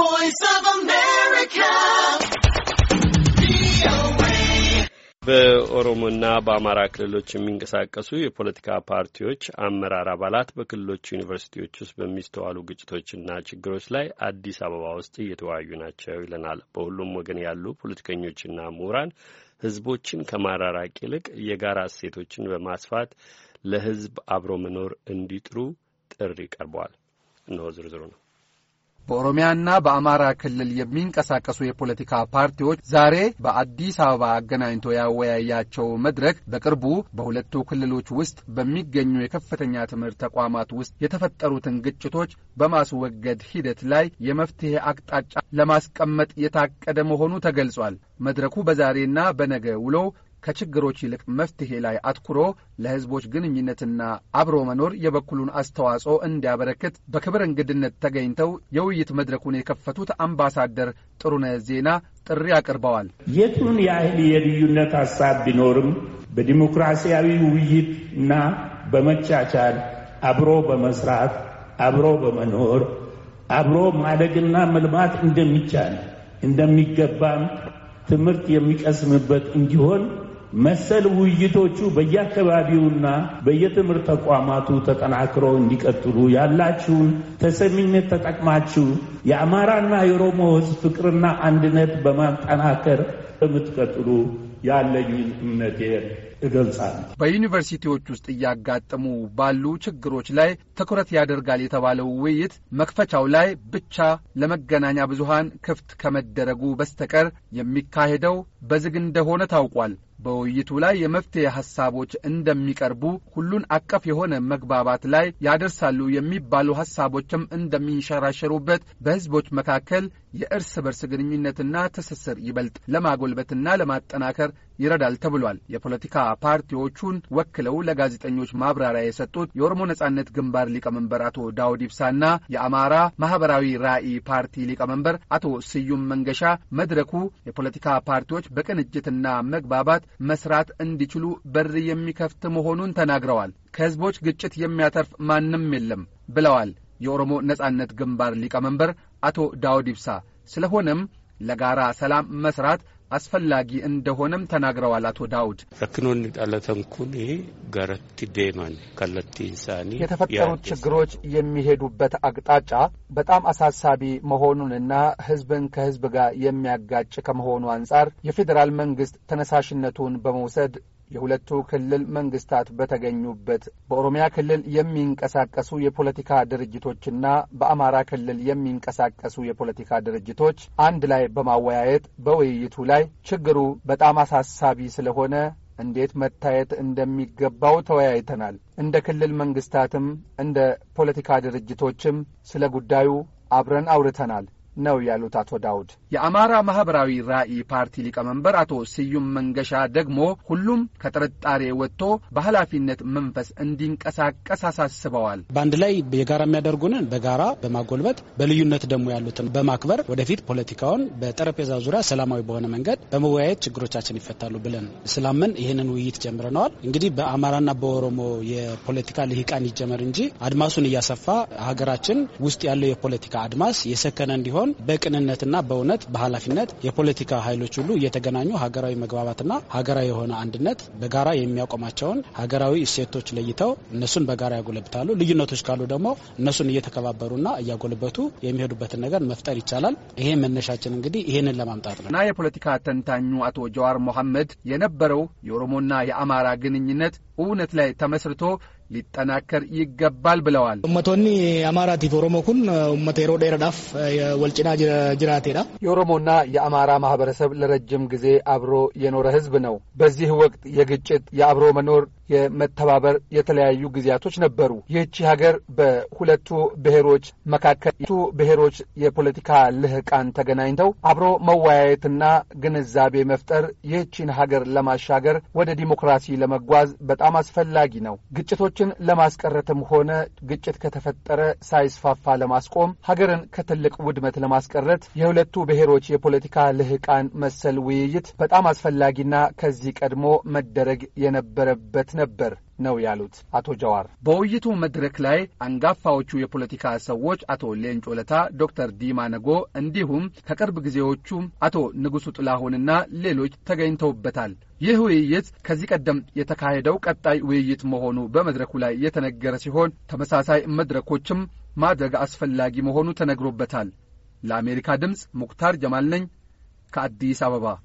voice of America. በኦሮሞና በአማራ ክልሎች የሚንቀሳቀሱ የፖለቲካ ፓርቲዎች አመራር አባላት በክልሎች ዩኒቨርሲቲዎች ውስጥ በሚስተዋሉ ግጭቶችና ችግሮች ላይ አዲስ አበባ ውስጥ እየተወያዩ ናቸው ይለናል። በሁሉም ወገን ያሉ ፖለቲከኞችና ምሁራን ህዝቦችን ከማራራቅ ይልቅ የጋራ እሴቶችን በማስፋት ለህዝብ አብሮ መኖር እንዲጥሩ ጥሪ ቀርቧል። እነሆ ዝርዝሩ ነው። በኦሮሚያና በአማራ ክልል የሚንቀሳቀሱ የፖለቲካ ፓርቲዎች ዛሬ በአዲስ አበባ አገናኝቶ ያወያያቸው መድረክ በቅርቡ በሁለቱ ክልሎች ውስጥ በሚገኙ የከፍተኛ ትምህርት ተቋማት ውስጥ የተፈጠሩትን ግጭቶች በማስወገድ ሂደት ላይ የመፍትሔ አቅጣጫ ለማስቀመጥ የታቀደ መሆኑ ተገልጿል። መድረኩ በዛሬና በነገ ውለው ። ከችግሮች ይልቅ መፍትሄ ላይ አትኩሮ ለሕዝቦች ግንኙነትና አብሮ መኖር የበኩሉን አስተዋጽኦ እንዲያበረክት በክብር እንግድነት ተገኝተው የውይይት መድረኩን የከፈቱት አምባሳደር ጥሩነህ ዜና ጥሪ አቅርበዋል። የቱን ያህል የልዩነት ሐሳብ ቢኖርም በዲሞክራሲያዊ ውይይትና በመቻቻል አብሮ በመስራት አብሮ በመኖር አብሮ ማደግና መልማት እንደሚቻል እንደሚገባም ትምህርት የሚቀስምበት እንዲሆን መሰል ውይይቶቹ በየአካባቢውና በየትምህርት ተቋማቱ ተጠናክሮ እንዲቀጥሉ ያላችሁን ተሰሚነት ተጠቅማችሁ የአማራና የኦሮሞ ሕዝብ ፍቅርና አንድነት በማጠናከር የምትቀጥሉ ያለኝን እምነቴን እገልጻለሁ። በዩኒቨርሲቲዎች ውስጥ እያጋጠሙ ባሉ ችግሮች ላይ ትኩረት ያደርጋል የተባለው ውይይት መክፈቻው ላይ ብቻ ለመገናኛ ብዙሃን ክፍት ከመደረጉ በስተቀር የሚካሄደው በዝግ እንደሆነ ታውቋል። በውይይቱ ላይ የመፍትሄ ሀሳቦች እንደሚቀርቡ ሁሉን አቀፍ የሆነ መግባባት ላይ ያደርሳሉ የሚባሉ ሀሳቦችም እንደሚንሸራሸሩበት በሕዝቦች መካከል የእርስ በርስ ግንኙነትና ትስስር ይበልጥ ለማጎልበትና ለማጠናከር ይረዳል ተብሏል። የፖለቲካ ፓርቲዎቹን ወክለው ለጋዜጠኞች ማብራሪያ የሰጡት የኦሮሞ ነጻነት ግንባር ሊቀመንበር አቶ ዳውድ ኢብሳና የአማራ ማህበራዊ ራዕይ ፓርቲ ሊቀመንበር አቶ ስዩም መንገሻ መድረኩ የፖለቲካ ፓርቲዎች በቅንጅትና መግባባት መስራት እንዲችሉ በር የሚከፍት መሆኑን ተናግረዋል። ከህዝቦች ግጭት የሚያተርፍ ማንም የለም ብለዋል። የኦሮሞ ነጻነት ግንባር ሊቀመንበር አቶ ዳውድ ይብሳ። ስለሆነም ለጋራ ሰላም መስራት አስፈላጊ እንደሆነም ተናግረዋል። አቶ ዳውድ ረክኖን ጣለተንኩን ይሄ ገረቲ ዴማን ከለቲ ኢንሳኒ የተፈጠሩት ችግሮች የሚሄዱበት አቅጣጫ በጣም አሳሳቢ መሆኑንና ሕዝብን ከሕዝብ ጋር የሚያጋጭ ከመሆኑ አንጻር የፌዴራል መንግስት ተነሳሽነቱን በመውሰድ የሁለቱ ክልል መንግስታት በተገኙበት በኦሮሚያ ክልል የሚንቀሳቀሱ የፖለቲካ ድርጅቶችና በአማራ ክልል የሚንቀሳቀሱ የፖለቲካ ድርጅቶች አንድ ላይ በማወያየት በውይይቱ ላይ ችግሩ በጣም አሳሳቢ ስለሆነ እንዴት መታየት እንደሚገባው ተወያይተናል። እንደ ክልል መንግስታትም እንደ ፖለቲካ ድርጅቶችም ስለ ጉዳዩ አብረን አውርተናል። ነው ያሉት አቶ ዳውድ። የአማራ ማህበራዊ ራዕይ ፓርቲ ሊቀመንበር አቶ ስዩም መንገሻ ደግሞ ሁሉም ከጥርጣሬ ወጥቶ በኃላፊነት መንፈስ እንዲንቀሳቀስ አሳስበዋል። በአንድ ላይ የጋራ የሚያደርጉንን በጋራ በማጎልበት በልዩነት ደግሞ ያሉትን በማክበር ወደፊት ፖለቲካውን በጠረጴዛ ዙሪያ ሰላማዊ በሆነ መንገድ በመወያየት ችግሮቻችን ይፈታሉ ብለን ስላመን ይህንን ውይይት ጀምረነዋል። እንግዲህ በአማራና በኦሮሞ የፖለቲካ ልሂቃን ይጀመር እንጂ አድማሱን እያሰፋ ሀገራችን ውስጥ ያለው የፖለቲካ አድማስ የሰከነ እንዲሆን ሳይሆን በቅንነትና በእውነት በኃላፊነት የፖለቲካ ኃይሎች ሁሉ እየተገናኙ ሀገራዊ መግባባትና ሀገራዊ የሆነ አንድነት በጋራ የሚያቆማቸውን ሀገራዊ እሴቶች ለይተው እነሱን በጋራ ያጎለብታሉ። ልዩነቶች ካሉ ደግሞ እነሱን እየተከባበሩና እያጎለበቱ የሚሄዱበትን ነገር መፍጠር ይቻላል። ይሄ መነሻችን እንግዲህ ይህንን ለማምጣት ነው እና የፖለቲካ ተንታኙ አቶ ጀዋር መሐመድ የነበረው የኦሮሞና የአማራ ግንኙነት እውነት ላይ ተመስርቶ ሊጠናከር ይገባል ብለዋል። ኡመቶኒ አማራቲፍ ኦሮሞ ኩን ኡመተ የሮ ደረዳፍ ወልጭና ጅራቴዳ የኦሮሞና የአማራ ማህበረሰብ ለረጅም ጊዜ አብሮ የኖረ ህዝብ ነው። በዚህ ወቅት የግጭት የአብሮ መኖር የመተባበር የተለያዩ ጊዜያቶች ነበሩ። ይህቺ ሀገር በሁለቱ ብሔሮች መካከል ቱ ብሔሮች የፖለቲካ ልህቃን ተገናኝተው አብሮ መወያየትና ግንዛቤ መፍጠር ይህቺን ሀገር ለማሻገር ወደ ዲሞክራሲ ለመጓዝ በጣም አስፈላጊ ነው። ግጭቶችን ለማስቀረትም ሆነ ግጭት ከተፈጠረ ሳይስፋፋ ለማስቆም ሀገርን ከትልቅ ውድመት ለማስቀረት የሁለቱ ብሔሮች የፖለቲካ ልህቃን መሰል ውይይት በጣም አስፈላጊና ከዚህ ቀድሞ መደረግ የነበረበት ነው ነበር ነው ያሉት አቶ ጀዋር። በውይይቱ መድረክ ላይ አንጋፋዎቹ የፖለቲካ ሰዎች አቶ ሌንጮ ለታ፣ ዶክተር ዲማ ነጎ እንዲሁም ከቅርብ ጊዜዎቹ አቶ ንጉሱ ጥላሁንና ሌሎች ተገኝተውበታል። ይህ ውይይት ከዚህ ቀደም የተካሄደው ቀጣይ ውይይት መሆኑ በመድረኩ ላይ የተነገረ ሲሆን ተመሳሳይ መድረኮችም ማድረግ አስፈላጊ መሆኑ ተነግሮበታል። ለአሜሪካ ድምፅ ሙክታር ጀማል ነኝ ከአዲስ አበባ።